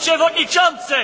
Przewodniczący!